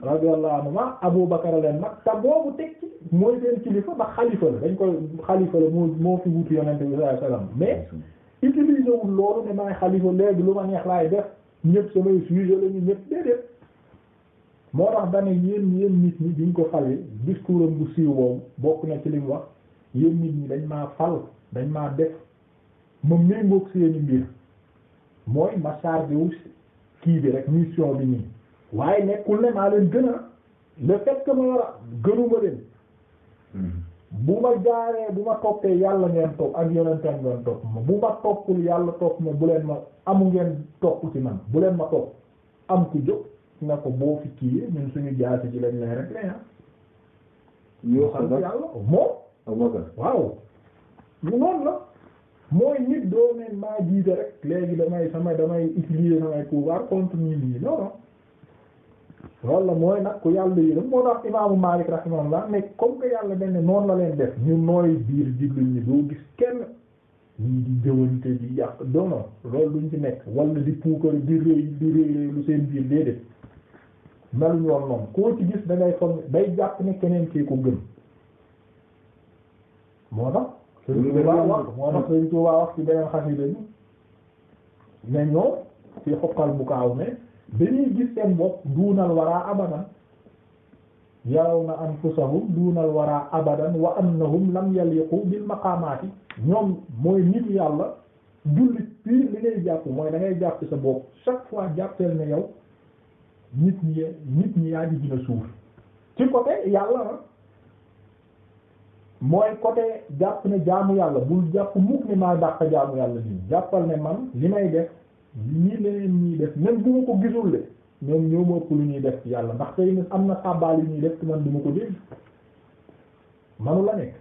radiyallahu anhuma Abu Bakar leen mag te boobu teg mooy seen kilifa ba xalifa la dañ koy xalifa la moo moo fi wutu yonent bi sallallahu alayhi wasallam mais utilisé loolu ne maay xalifa léegi lu ma neex laay def ñëpp samay sujet la ñu ñëpp déedéet moo tax dane yéen yéen nit ñi diñ ko falee discours am bu siiw bokk na ci li mu wax nit ñi dañ maa fal dañ maa def ma méngoog seeni mbir mooy ma chargé wu kii bi rek mission bi nii waaye nekkul ne maa leen gën a le fait ma war a gënuma leen bu ma jaaree bu ma toppee yàlla ngeen topp ak yonentam ngeen topp ma bu ma toppul yàlla topp ma bu leen ma amu ngeen topp ci man bu leen ma topp am ku jóg na ko boo fi kiiyee ñun suñu jaasi ji lañ lay rek ne ah. yoo xam ne yàlla moom. waaw. lu noonu la. mooy nit doo ne maa jiite rek léegi damay sama damay utiliser samay pouvoir contre ñi lii non non. loolu la mooy nag ku yàlla yërëm moo tax imaamu Maalik rahimahullah mais comme que yàlla benn noonu la leen def ñu nooy biir jiglu ñi doo gis kenn ñii di jëwante di yàq doonoon loolu duñ ci nekk wala di puukar di réy di réy lu seen biir déedéet meluñu woon noonu koo ci gis da ngay day jàpp ne keneen kii ko gën moo tax. moo tax Sëriñ Tuubaa wax ci beneen xasida bi ne ñoom ci xoqal bu kaaw ne dañuy gis seen bopp duunal waraa abadan yarawna anfusahum duunal waraa abadan wa annahum lam yaliqu bil maqaamaati ñoom mooy nit yàlla jullit fii li ngay jàpp mooy da ngay jàpp sa bopp chaque fois jàppeel ne yow. nit ñi nit ñi yaa ngi gën suuf ci côté yàlla na ah, mooy côté jàpp ne jaamu yàlla bul jàpp mukk ni maa dàq jaamu yàlla nii jàppal ne man li may def lii leneen ñuy def même bu ma ko gisul de ñoom ñoo ma lu ñuy def yàlla ndax tey nag am na sàbbaal yu ñuy def ci man la nekk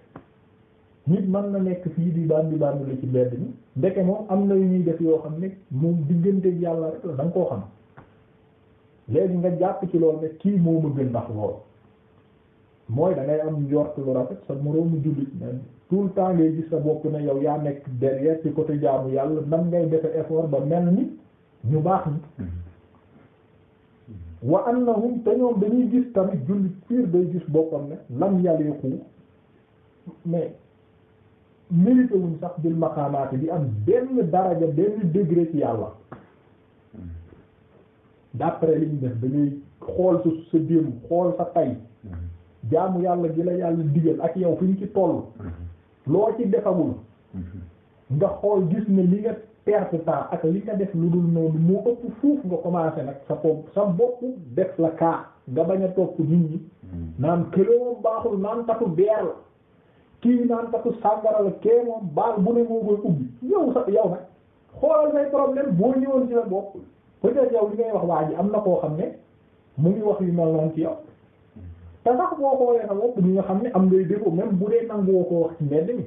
nit man na nekk fii di bandi bandi la ci mbedd mi ndeke moom am na yu ñuy def yoo xam ne moom diggante yàlla rek la da koo xam léegi nga jàpp ci loolu ne kii moo ma ndax lool mooy da ngay am njort lu rafet sa moroomu jullit ne tout le ngay gis sa bopp na yow yaa nekk derrière ci côté jaamu yàlla nan ngay defe effort ba mel ni ñu baax ni wa annahum te ñoom dañuy gis tamit jullit piir day gis boppam ne lam yaliqu mais mérité wuñ sax bil maqaamaati bi am benn daraja benn degré ci yàlla d'après li ñu def da xool sa sa démb xool sa tay mm-hmm. jaamu yàlla gi la yàlla digal ak yow fi ñu ci toll mm-hmm. loo ci defamul mm-hmm. nga xool gis ne li nga perte temps ak li nga def lu dul noonu moo ëpp fuuf nga commencé nag sa bopp sa bopp def la kaa nga bañ a topp nit ñi naan kële moom baaxul naan taxu beer kii naan taxu sàngara la kee moom baal bu ne moo koy ubbi yow sa yow nag xoolal say problème boo ñëwoon ci sa bopp peut-être li ngay wax waa ji am na koo xam ne mu ngi wax yu mel noonu ci yow te sax boo ko waxee sa bopp ñi nga xam ne am ngay défaut même bu dee nanguwoo ko wax ci mbedd mi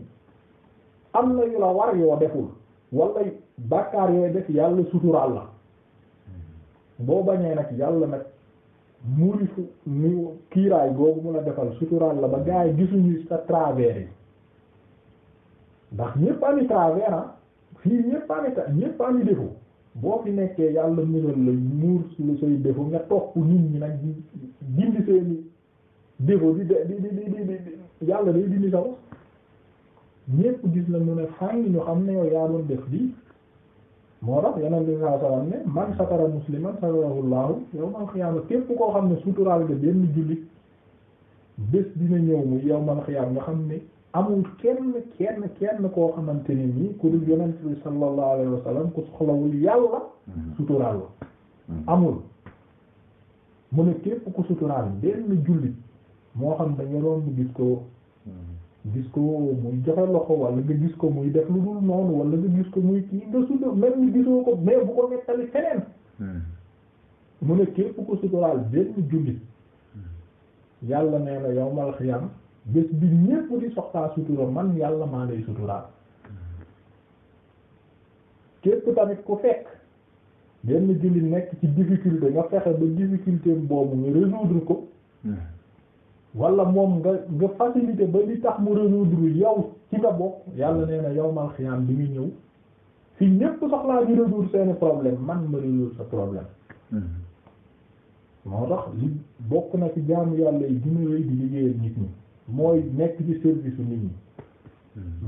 am na yu la war yoo deful wala bàkkaar yooyu def yàlla suturaal la boo bañee nag yàlla nag murifu ni kiiraay googu mu la defal suturaal la ba gaa yi gisuñu sa travers yi ndax ñépp ami travers ah fii ñépp ami ta ñépp ami défaut boo fi nekkee yàlla mënal la muur lu say défaut nga topp nit ñi nag di dindi seeni défaut di di di di di yàlla day dindi sa wax ñépp gis la mu ne fàng ñu xam ne yow yaa doon def lii moo tax yeneen bi saa salaam ne man satara musliman satarahu laahu yawmal xiyaama képp koo xam ne suturaal nga benn jullit bés dina ñëw mu yawmal xiyaam nga xam ne amul kenn kenn kenn koo xamante ne nii ku dul yonent bi sallallahu alayhi wa sallam ku soxlawul yàlla mhm. suturaal la mhm. amul mu ne képp ku suturaal benn jullit moo xam da nga doon gis ko mhm. gis ko muy joxe loxo wala nga gis ko muy def lu dul noonu wala nga gis ko muy kii nga sutura même ni gisoo ko mais bu ko nettali feneen mu ne képp ku suturaal benn jullit yàlla nee na yawmal xiyam bés bi ñépp di soxlaa sutura man yàlla maa lay suturaal képp tamit ku fekk benn jullit nekk ci difficulté nga fexe ba difficulté boobu nga résoudre ko hmm. wala moom nga nga facilité ba li tax mu résoudre yow ci nga bokk yàlla nee yow mal xiyaam bi muy ñëw fii ñépp soxlaa ñu résoudre seeni problème man ma résoudre sa problème hmm. moo tax li bokk na ci jaamu yàlla yi dina rëy di liggéeyal nit ñi mooy nekk ci service nit ñi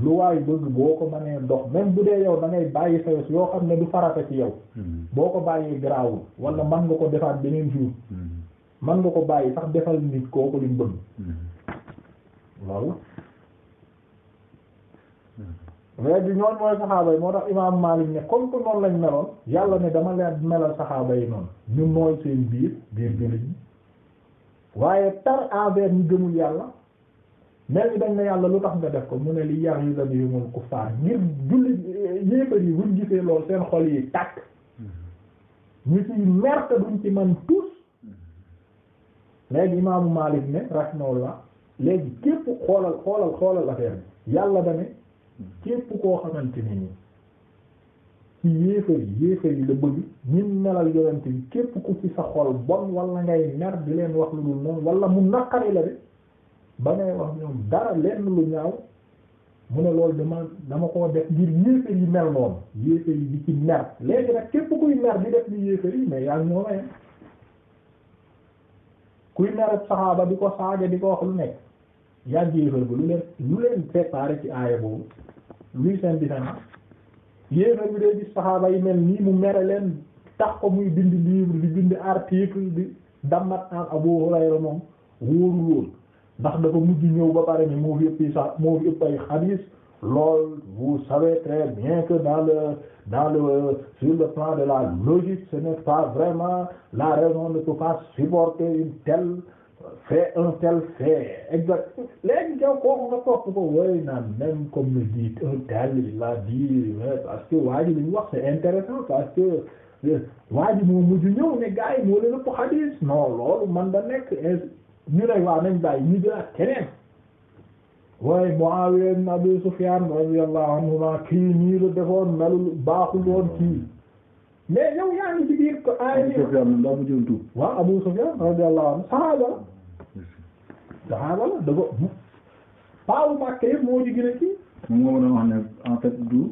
lu waay bëgg ko mënee dox même bu dee yow da ngay bàyyi sa yoo xam ne du farata ci yow mm-hmm. boo ko bàyyee garaawul wala mën nga ko defaat beneen jour mm-hmm. mën nga ko bàyyi sax defal nit kooku lim bëgg loolu mm-hmm. léegi ñoon mooy saxaaba yi moo tax imaam Maalik ne comme que noonu lañ meloon yàlla ne dama leen a saxaaba yi noonu ñu nooy seen biir biir jullit waaye tar envers ñu gëmul yàlla mel ni dañ ne yàlla lu tax nga def ko mu ne li yar yu dañuy mën kuffaar ngir jullit yéefar yi buñ gisee lool seen xol yi tàkk ñu ciy mer te duñ ci man tous léegi imaamu Maalik ne rahimahullah léegi képp xoolal xoolal xoolal affaire bi yàlla da ne képp koo xamante ne nii ci yi yéefar yi la bëgg ñun melal yonent sa xol bon wala ngay mer di leen wax lu dul noonu wala mu naqari la de. ba ngay wax ñoom dara lenn lu ñaaw mu ne loolu dama dama koo def ngir yéefar yi mel noonu yéefar yi di ci mer léegi nag képp kuy mer di def ni yéefar yi mais yàlla ñoo mayee kuy merab saxaaba di ko saaga di ko wax lu nekk yàgg yéefar bi lu leen lu leen préparé ci aaya boobu luy seen différence yéefar bi day gis saxaaba yi mel nii mu mere leen tax ko muy bind livre di bind article di dammat an Abu Hurayra moom wóoru loolu ndax dafa mujj ñëw ba pare ni moo fi ëpp sax moo fi ëpp ay xadiis lool vous savez très bien que dans le dans le sur le plan de la logique ce n'est pas vraiment la raison ne peut pas supporter une telle fait un tel fait exact léegi jow kooku nga topp a dit wax c'est intéressant parce que euh, waa mujj ñëw ne gars moo leen ëpp xadiis non loolu man da nekk ñu ne waaw nañ bàyyi ñu jëlaat keneen waaye Muawiya ibn Abi Sufyan radiyallahu anhuma kii nii la defoon melul baaxul woon kii mais yow yaa ngi ci biir ko ay Abu Sufyan daa mujjoon tuub waaw Abu Sufyan radiyallahu anhu saxaaba la saxaaba la da ko paawu Makka yëpp moo ci gën a kii moom moo mën a wax ne en fait du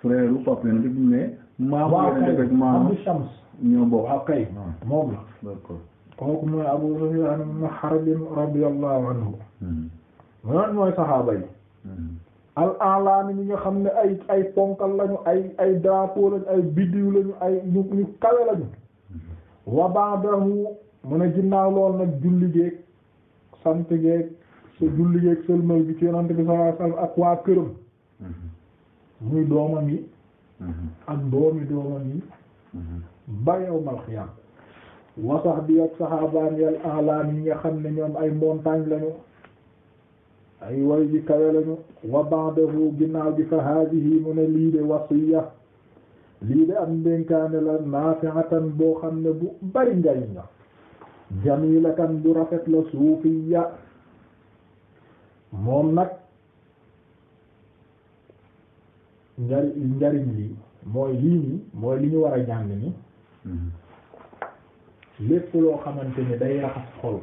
frère u papa yonent bi mais maam Abdu Shams ñoo bokk waaw kay moom la kooku mooy Abu Sufyaan ibn Harb radiyallahu anhu moon hmm. mooy saxaaba yi hmm. al alaami ñi nga xam ne ay ay ponkal lañu ay ay drapeau lañu ay biddiw lañu ay ñu ñu kawe lañu hmm. wa ba'dahu mu ginnaaw lool nag julli géeg sant géeg sa julli sëlmal bi ci yonante bi sallallahu ak waa këram muy doomam yi ak doomi doomam yi ba yawmal xiyaam wa sahbi ak saxaabaan yal a'laam yi nga xam ne ñoom ay montagne lañu ay way ji lañu wa ginnaaw bi fa haadihi mu ne lii de wasiya lii de am ndénkaane la naafi'atan boo xam ne bu bari njariñ la jamilatan bu rafet la suufiya moom nag njariñ njariñ li mooy lii nii mooy li ñu war a jàng ni mm-hmm. lépp loo xamante ni day raxas xol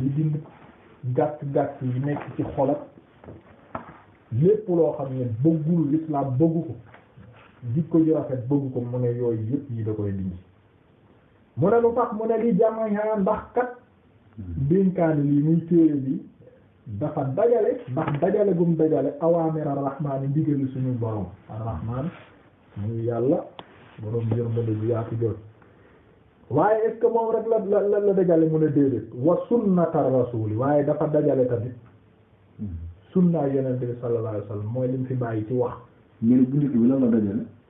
li dind gàtt gàtt yi nekk ci xolat lépp loo xam ne bëggul l'islam bëggu ko jikko ju rafet bëggu ko mu ne yooyu yëpp yi da koy dindi mu ne lu tax mu ne li jamaha ndax kat dénkaani yi muy téere bi dafa dajale ndax dajale gum dajale awaamir arrahmaan yi suñu borom arrahmaan muy yàlla borom yërmande bu yaatu jot waaye est moom rek la la la dajale mu ne déedéet wa sunnatar rasuli waaye dafa dajale tamit sunnaay yonent bi sallallahu alayhi wasallam mooy lim fi bàyyi ci wax. mais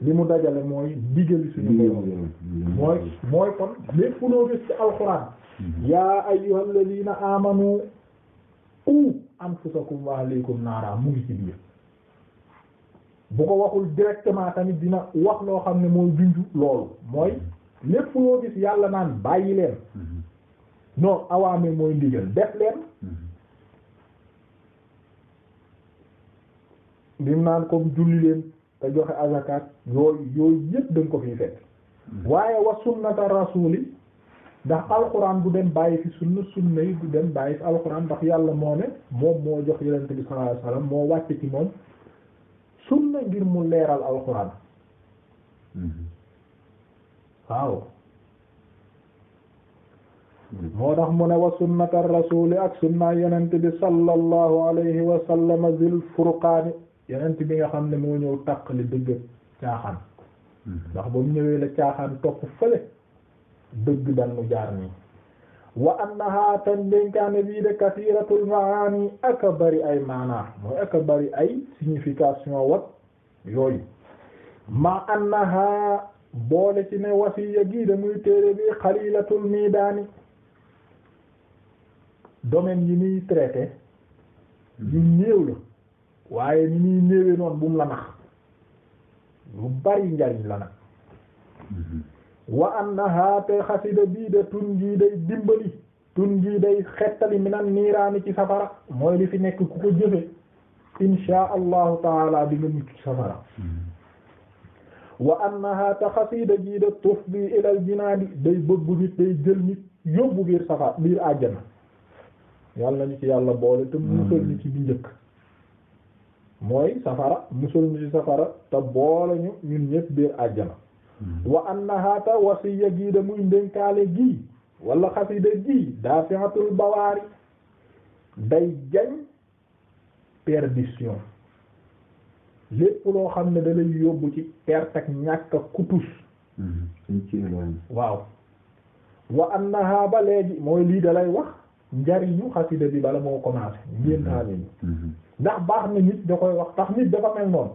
li mu dajale mooy digal suñu borom mooy mooy kon lépp loo gis ci alxuraan. Mhm. yaa ayyuhal ladina amanu qu anfusakum wa ahlikum naara mu ngi ci biir. bu ko waxul directement tamit dina wax loo xam ne mooy junj loolu mooy. lépp loo gis yàlla naan bàyyi leen mhm. non awaame mooy ndigal def leen dim mhm. naan comme julli leen te joxe azakaat yooyu yooyu yëpp dañ ko fi fekk mhm. waaye wa sunnata rasuli ndax alxuraan bu dem bàyyi fi sunna sunna yi bu dem bàyyi fi alxuraan ndax yàlla moo ne moom moo jox yonent bi sallallahu alayhi wasallam moo wàcc ci moom sunna ngir mu leeral alxuraan waaw moo tax mu ne wa sunnata rasuli ak sunna yonent bi sallallahu alayhi wa sallama zil furqaani yonent bi nga xam ne moo ñëw taq li dëgg caaxaan mm-hmm. ndax ba ñëwee la caaxaan topp fële dëgg dañu jaar nii wa annaha tan dénkaane bii de kasiratul maani ak a ay maanaa mooy ak ay signification wat yooyu ma annaha boole ci ne wasiya gii de muy téere bi xalilatul miidaani domaine yi muy traité yu néew la waaye ni muy néewee noon bu mu la nax lu bari njariñ la nag wa annaha te xasida bii de tun jii day dimbali tun jii day xettali minan niiraani ci safara mooy li fi nekk ku ko jëfe insha allahu taala bi mucc safara wa annaha ta xasiida gii da tufdi ilal jinaani day bëgg nit day jël nit yóbbu biir safa biir àjjana yàlla nañu ci yàlla boole te musal ñu ci bi njëkk mooy safara musal ñu ci safara te boole ñu ñun ñëpp biir àjjana wa annaha ta wasiya gii da muy ndénkaale gii wala xasiida gii dafi'atul bawaari day jañ perdition lépp loo xam ne da lay yóbbu ci perte ak ñàkk ak kutus mm-hmm. waaw wa annaha ba léegi mooy lii da lay wax njariñu xasida bi bala moo commencé mm-hmm. ngéntaale mm-hmm. ndax baax na nit da koy wax tax nit dafa mel noonu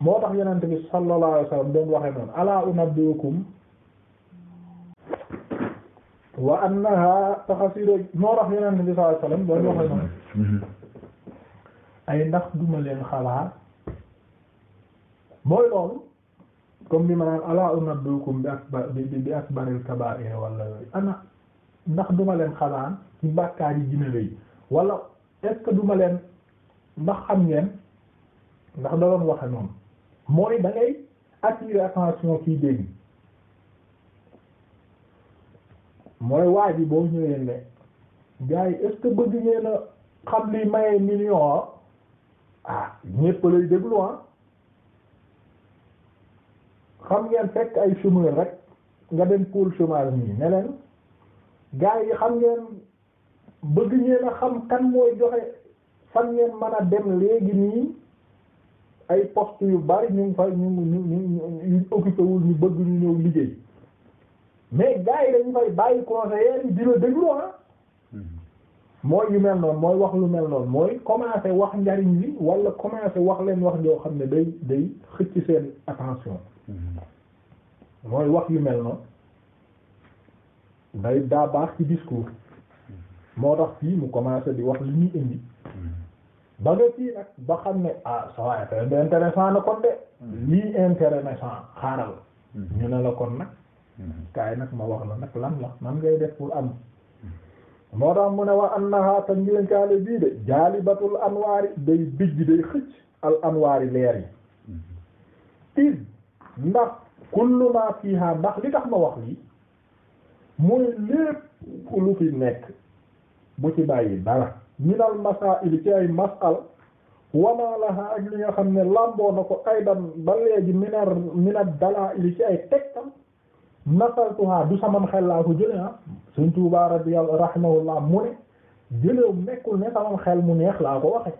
moo tax yonent bi sallallahu alayhi wasallam doon waxee noonu ala unabbiukum wa annaha taxasiro moo tax yonent bi sallallahu alayhi wasallam doon waxee ay ndax duma leen xalaa mooy loolu comme bi ma naan ala unabbiukum bi akbar bi bi akbaril kabaa'ir wala yooyu ana ndax duma leen xalaa ci bàkkaar yi gën a rëy wala est-ce duma leen ndax xam ngeen ndax da doon waxe noonu mooy da ngay attirer kii dégg mooy waa ji boo ñëwee ne gars yi bëgg ngeen a xam li maye million ah ñépp lay déglu ah xam ngeen fekk ay chômeur rek nga dem pôle chômage nii ne gaa yi xam ngeen bëgg ngeen a xam kan mooy joxe fan ngeen mën a dem léegi nii ay poste yu bari ñu ngi ñu ñu ñu ñu occupé ñu bëgg ñu ñëw liggéey mais gars yi dañu fay bàyyi conseillers yi dina déglu ah mooy yu mel noonu mooy wax lu mel noonu mooy commencer wax njariñ li wala commencer wax leen wax joo xam ne day day xëcc seen attention mm-hmm. wax yu mel noonu day daa baax ci ko mm-hmm. moo tax fii mu commencer di wax li ñuy indi mm-hmm. ba nga fii nag ba xam ne a ah, ça va être intéressant na kon lii intéressant xaaral ñu ne la kon nag kaay nag ma wax la nag lan la nan def pour am moo tax mu ne wa annaha te njénkaale bii de jaalibatul anwaari day bijj day xëcc al anwaari leer yi is ndax kullu ma fiha ndax li tax ma wax lii mooy lépp lu fi nekk bu ci bàyyi dara minal masaa'il ci ay mas'al wa ma laha ak li nga xam ne làmboo na ko aydan ba léegi minar minar dalaa'il ci ay tegtal nataal nasaltuha du sama xel laa ko jëlee ah Sëriñ Tuubaa radiyallahu rahimahullah mu ne jëlew nekkul ne sama xel mu neex laa ko waxe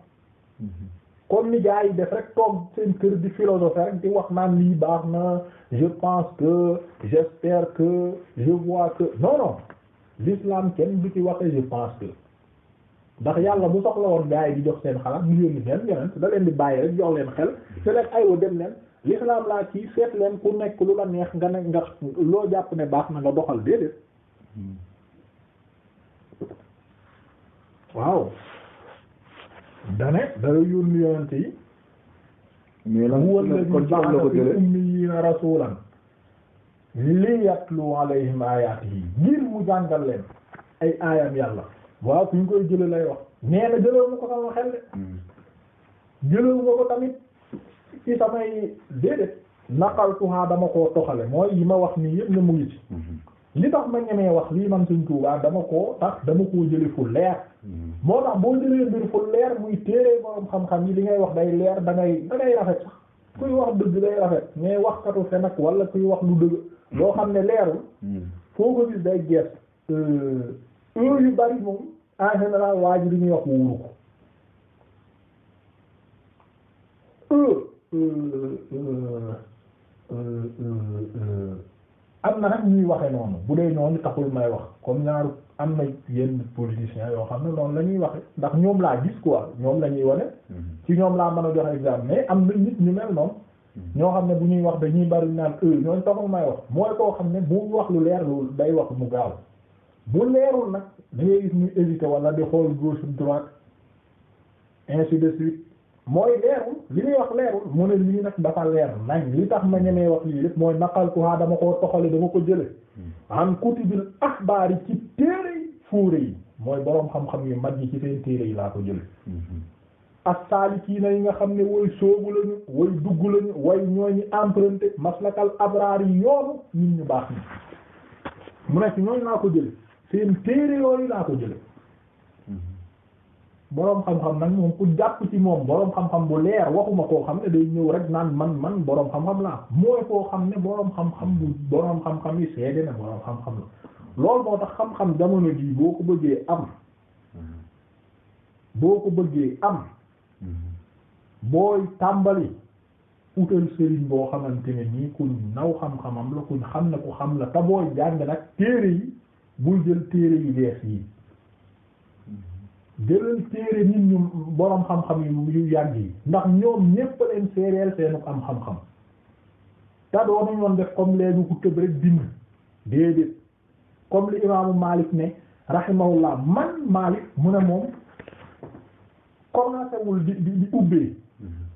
comme ni gars yi def rek toog seen kër di philosophe rek di wax naan ni baax na je pense que j'espère que je vois que non non l'islam kenn du ci waxe je pense la ndax yàlla bu soxla woon gars yi di jox seen xalaat mu yónni seen yonent da leen di bàyyi rek jox leen xel mm-hmm. te rek aywa dem leen l'islam laa kii seet leen ku nekk lu neex nga ne nga loo jàpp ne baax na nga doxal déedéet waaw dane dara yónni yonent yi mais lan kon ci am la ko jëlee ummiyiina rasuulan li yatlu alayhim aayaatihi ngir mu jàngal leen ay aayam yàlla waaw fu ñu koy jële lay wax nee na jëlewu ma ko sama xel de hmm. jëlewu ma ko tamit ci samay déedéet naqaltuha dama ko toxale mooy yi ma wax ni yépp ne mu ngi mm-hmm. li tax ma ñemee wax lii man suñ tuubaa dama koo tax dama koo jële fu leer mm-hmm. moo tax boo jëlee fu leer muy téere borom xam-xam yi li ngay wax day leer dangay ngay rafet sax kuy wax dëgg day rafet mais waxkatu fen ak wala kuy wax lu dëgg loo xam ne leerul mm-hmm. foo ko gis day gees euh, heure yu bari moom en général waa li ñuy wax wuuru ko Euh, euh, euh, am na nag ñuy waxe noonu bu dee ñooñu taxul may wax comme ñaar am na yenn politiciens yoo xam ne noonu la ñuy waxe ndax ñoom laa gis quoi ñoom la ñuy wane mm-hmm. ci ñoom laa mën a jox exemple mais am na nit ñu mel noonu mm-hmm. ñoo xam ne bu ñuy wax dañuy bari naan e ñooñu taxul may wax mooy koo xam ne bu wax lu leer lu day wax mu gaaw bu leerul nag da ngay gis muy hésiter wala di xool gauche droite ainsi de suite mooy leerul li muy wax leerul mu ne lii nag dafa leer nañ li tax ma ñemee wax lii lépp mooy naqaltuha dama koo toxale dama ko jële hmm. an kutubil axbaar yi ci téere yi fuure yi mooy boroom xam-xam yu mag yi ci seen téere yi laa ko jële hmm. as-saalikiina yi nga xam ne way soobu lañu way dugg lañu way ñooñu emprunté maslakal abraar yi yoonu nit ñu baax ni mu ne ci ñooñ laa ko jële seen téere yooyu laa ko jële boroom xam-xam nag moom ku jàpp ci moom boroom xam-xam bu leer waxuma koo xam ne day ñëw rek nan man man boroom xam-xam laa mooy koo xam ne boroom xam-xam bu boroom xam-xam yi seede na boroom xam-xam la loolu moo tax xam-xam jamono jii boo ko bëggee am boo ko bëggee am booy tàmbali utal sëriñ boo xamante ne nii kuñ naw xam-xamam la kuñ xam ne ko xam la te booy jàng nag téere yi bul jël téere yu bees yi jëlal téere nit ñu borom xam-xam yu yàgg yi ndax ñoom ñépp leen seereel seenu am xam-xam te doonu ñoon def comme léegi ku tëb rek bind déedéet comme li imaamu Malik ne rahimahullah man Malik mu ne moom commencé di di di ubbee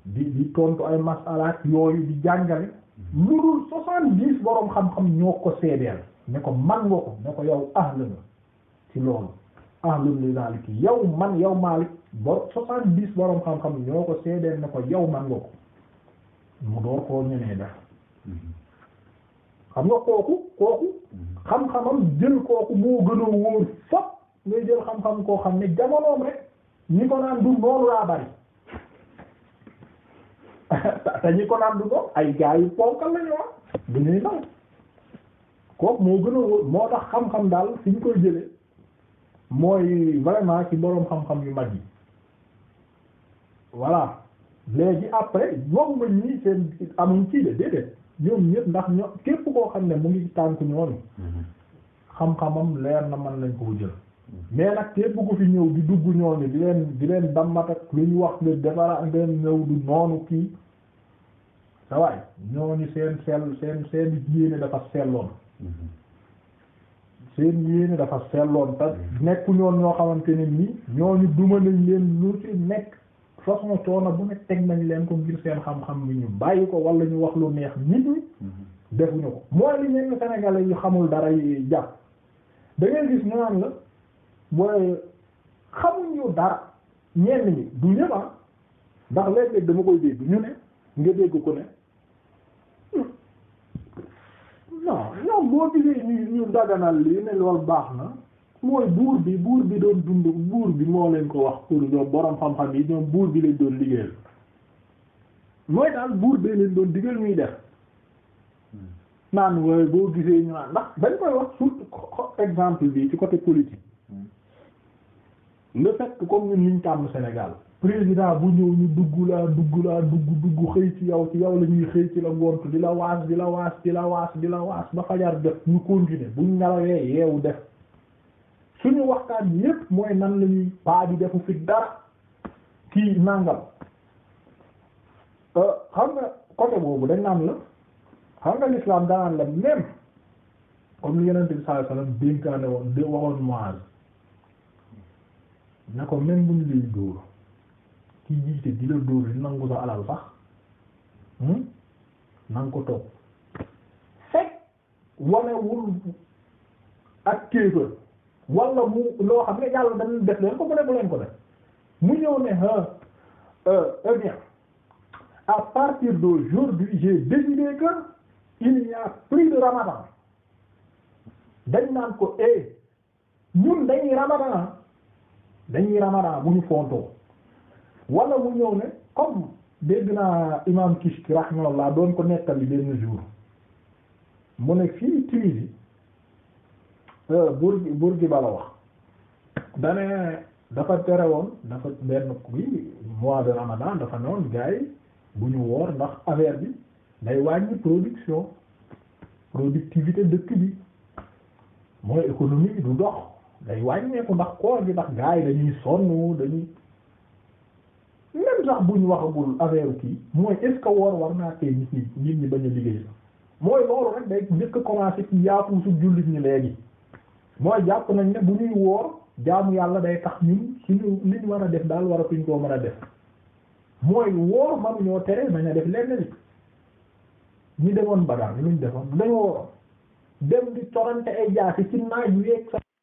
di di tontu ay masalaat yooyu di jàngale lu dul soixante-dix borom xam-xam ñoo ko seedeel ne ko man nga ne ko yow ahla na ci loolu ahlul li zalik yow man yow Malik bor soixante dix borom xam-xam ñoo ko seedeel na ko yow man nga mu door koo ñenee def xam nga kooku kooku xam-xamam jël kooku moo gën a wóor fop ngay jël xam-xam koo xam ne jamonoom rek ñi ko naan du noonu laa bari te ñi ko naan du noonu ay gaa yu ponkal lañu wax du ñuy naw kooku moo gën a moo tax xam-xam daal fi koy jëlee mooy vraiment ki boroom xam-xam yu mag yi voilà léegi après ñoom nga ñii seen amuñ ci de déedéet ñoom ñëpp ndax ñoom képp koo xam ne mu ngi tànk ñoonu mhm. xam-xamam leer na man nañ koo jël mhm. mais nag képp ku fi ñëw di dugg ñooñu di leen di leen dammat ak lu ñu wax nga defara nga du noonu kii sa waay ñooñu seen sell seen seen yéene dafa selloon mhm. seen yéene dafa selloon ta nekku ñoon ñoo xamante ne nii ñooñu duma nañ leen lu ci nekk façon coono bu nekk teg nañ leen ko ngir seen xam-xam bi ñu bàyyi ko wala ñu wax lu neex nit ñi mm-hmm. defuñu ko mooy li ñenn sénégalais yu xamul dara yi jàpp da gis ñu naan la booy xamuñu dara ñenn ñi du ñëpp ah. ndax léeg-léeg dama koy dégg ñu ne nga dégg ko ne non ñoom boo gisee ñu ñu daganal lii ne loolu baax na mooy buur bi buur bi doon dund buur bi moo leen ko wax pour ñoom borom xam-xam yi ñoom buur bi leen doon liggéeyal mooy daal buur bee leen doon digal ñuy def naan waaye boo gisee ñu naan ndax dañ koy wax surtout exemple bi ci côté politique hmm. le fait que comme président bu ñëw ñu dugg laa dugg laa dugg dugg xëy ci yow ci yow la ñuy xëy ci la ngont di la waas di la waas di la waas di la waas ba fajar jot ñu continuer buñ nelawee yeewu waxtaan yépp mooy nan lañuy paa bi defu fi dara kii nàngam euh, xam nga côté boobu dañ naan la xam nga l'islam danaan la même comme li yenente bi sallallahu alayhi wasallam dénkaane woon waxoon moise na ko même buñ lay dóor ki jiite di la dóor di nangu sa alal sax hmm? nanga ko toog fekk wanewul ak kéefër wala mu loo xam ne yàlla dañu def ko mu ne leen ko def mu ñëw ne ah eh bien à partir d'aujourd'hui j'ai décidé que il n'y a de ramadan dañ naan ko eh ñun dañuy ramadan ah, dañuy ramadan bu ñu fontoo wala mu ñëw ne comme dégg naa imam Kishki rahimahullah doon ko nettali benn jour mu ne fii Tunisie euh, Bour Bourguiba la wax dane dafa tere woon dafa benn bi mois de Ramadan dafa newoon gars yi bu ñu woor ndax affaire bi day wàññi production productivité dëkk bi mooy économie du dox day wàññeeku ndax koor bi ndax gars yi dañuy sonn dañuy tax bu ñu waxagul affaire kii mooy est-ce que woor war naa tee nit ñi nit ñi bañ a liggéey la mooy loolu rek day njëkk commencé ci yaatu su jullit ñi léegi mooy jàpp nañ ne bu ñuy woor jaamu yàlla day tax ñun suñu li war a def daal war a tuñ koo mën a def mooy woor mënuñoo tere nañ a def lenn nit ñi demoon ba daal luñ defoon dañoo waroon dem di torante ay jaasi ci naaj weeg sa